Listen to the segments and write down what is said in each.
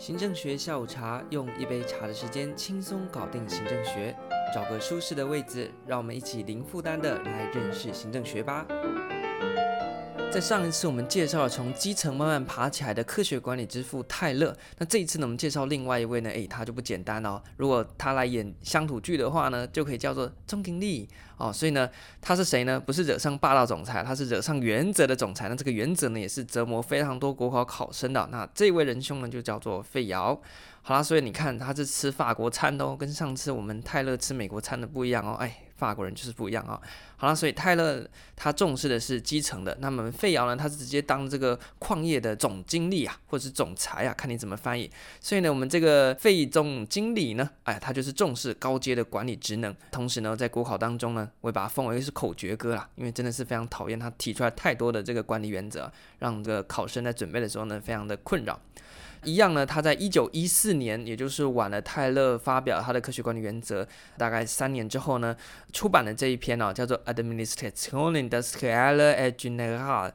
行政學下午茶，用一杯茶的時間輕鬆搞定行政學。找個舒適的位置，讓我們一起零負擔的來認識行政學吧。在上一次，我們介紹了從基層慢慢爬起來的科學管理之父泰勒，那這一次呢，我們介紹另外一位呢，哎、欸，他就不簡單哦。如果他來演鄉土劇的話呢，就可以叫做鍾廷利哦。所以呢，他是誰呢？不是惹上霸道總裁，他是惹上原則的總裁。那這個原則呢，也是折磨非常多國考考生的。那這位仁兄呢，就叫做費堯。好啦，所以你看他是吃法國餐的哦，跟上次我們泰勒吃美國餐的不一樣哦。哎、欸。法國人就是不一樣啊！好了，啊，所以泰勒他重視的是基層的，那麼費堯呢，他是直接當這個礦業的總經理啊，或者是總裁啊，看你怎麼翻譯。所以呢，我們這個費總經理呢，哎，他就是重視高階的管理職能。同時呢，在國考當中呢，我也把它封為一是口訣哥啦，因為真的是非常討厭他提出來太多的這個管理原則，讓這個考生在準備的時候呢，非常的困擾。一樣呢，他在一九一四年，也就是晚了泰勒發表他的科學管理原則，大概三年之後呢，出版了這一篇呢、哦，叫做 Administration Industrielle et Générale，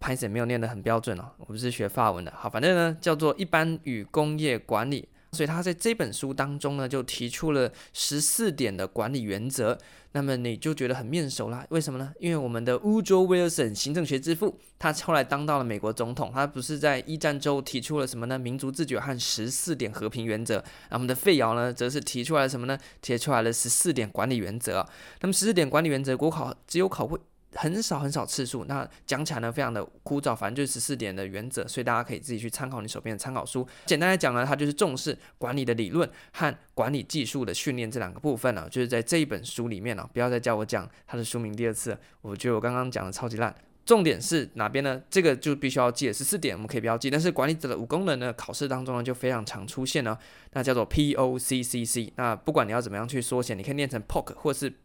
歹勢沒有念得很標準哦，我不是學法文的，好，反正呢，叫做一般與工業管理。所以他在這本書當中呢，就提出了十四點的管理原則。那麼你就覺得很面熟了，為什麼呢？因為我們的伍德羅威爾遜行政學之父，他後來當到了美國總統，他不是在一戰之後提出了什麼呢？民族自決和十四點和平原則。那我們的費堯呢，則是提出來什麼呢？提出來了十四點管理原則。那麼十四點管理原則，國考只有考會。很少很少次數，那講起來呢，非常的枯燥，反正就是十四點的原則，所以大家可以自己去參考你手邊的參考書。簡單來講呢，它就是重視管理的理論和管理技術的訓練這兩個部分呢、喔，就是在這一本書裡面呢、喔，不要再叫我講它的書名第二次，我覺得我剛剛講的超級爛。重點是哪邊呢？這個就必須要記十四點，我們可以不要記，但是管理者的五功能的考試當中呢，就非常常出現呢、喔，那叫做 P O C C C，那不管你要怎麼樣去縮寫，你可以念成 P O C 或是 P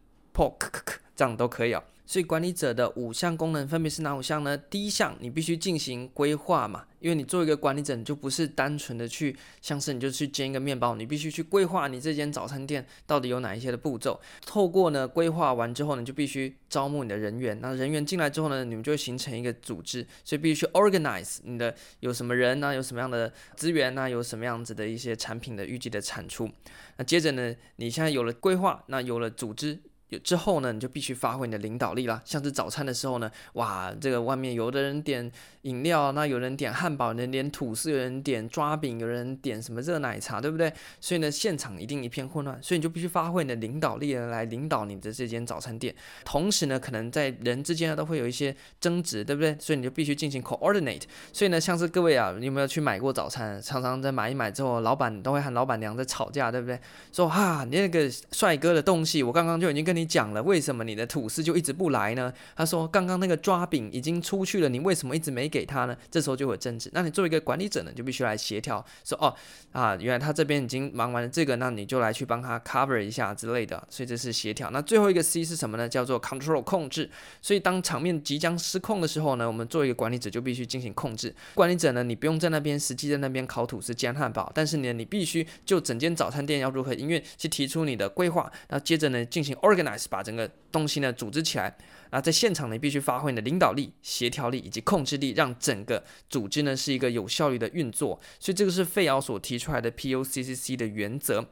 O C。C C C, 這樣都可以啊、哦，所以管理者的五項功能分別是哪五項呢？第一項，你必須進行規劃嘛，因為你做一個管理者，你就不是單純的去，像是你就去煎一個麵包，你必須去規劃你這間早餐店到底有哪一些的步驟。透過呢規劃完之後呢，你就必須招募你的人員。那人員進來之後呢，你們就會形成一個組織，所以必須去 organize 你的有什麼人呢、啊？有什麼樣的資源呢、啊？有什麼樣子的一些產品的預計的產出？那接着呢，你現在有了規劃，那有了組織。之後呢，你就必須發揮你的領導力啦。像是早餐的時候呢，哇，這個外面有的人點飲料，那有人點漢堡，有人點吐司，有人點抓餅，有人點什麼熱奶茶，對不對？所以呢，現場一定一片混亂，所以你就必須發揮你的領導力來領導你的這間早餐店。同時呢，可能在人之間都會有一些爭執，對不對？所以你就必須進行 coordinate。所以呢，像是各位啊，你有沒有去買過早餐？常常在買一買之後，老闆都會和老闆娘在吵架，對不對？說哈，你那個帥哥的東西，我剛剛就已經跟你。你講了，為什麼你的吐司就一直不來呢？他說剛剛那個抓餅已經出去了，你為什麼一直沒給他呢？這時候就有爭執。那你作為一個管理者呢，就必須來協調，說哦啊，原來他這邊已經忙完了這個，那你就來去幫他 cover 一下之類的。所以這是協調。那最後一個 C 是什麼呢？叫做 control 控制。所以當場面即將失控的時候呢，我們作為一個管理者就必須進行控制。管理者呢，你不用在那邊實際在那邊烤吐司煎漢堡，但是呢，你必須就整間早餐店要如何營運去提出你的規劃，然後接着呢進行 organize 還是把整個東西呢組織起來啊，那在現場呢必須發揮的領導力、協調力以及控制力，讓整個組織呢是一個有效率的運作。所以這個是費堯所提出來的 P O C C C 的原則。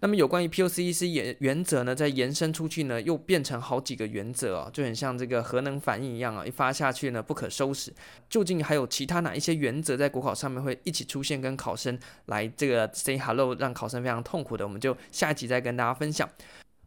那麼有關於 P O C C C 原則呢，再延伸出去呢，又變成好幾個原則哦，就很像這個核能反應一樣啊、哦，一發下去呢不可收拾。究竟還有其他哪一些原則在國考上面會一起出現，跟考生來這個 say hello，讓考生非常痛苦的，我們就下一集再跟大家分享。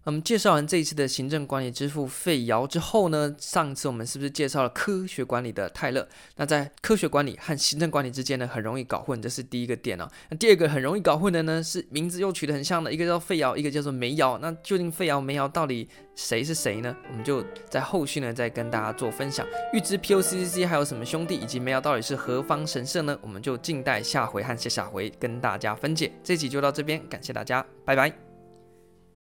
我們、嗯、介紹完這一次的行政管理之父費堯之後呢，上次我們是不是介紹了科學管理的泰勒？那在科學管理和行政管理之間呢，很容易搞混，這是第一個點哦。那第二個很容易搞混的呢，是名字又取得很像的，一個叫費堯，一個叫做梅堯。那究竟費堯、梅堯到底誰是誰呢？我們就在後續呢再跟大家做分享。預知 POCCC 還有什麼兄弟，以及梅堯到底是何方神聖呢？我們就靜待下回和下下回跟大家分解。這期就到這邊，感謝大家，拜拜。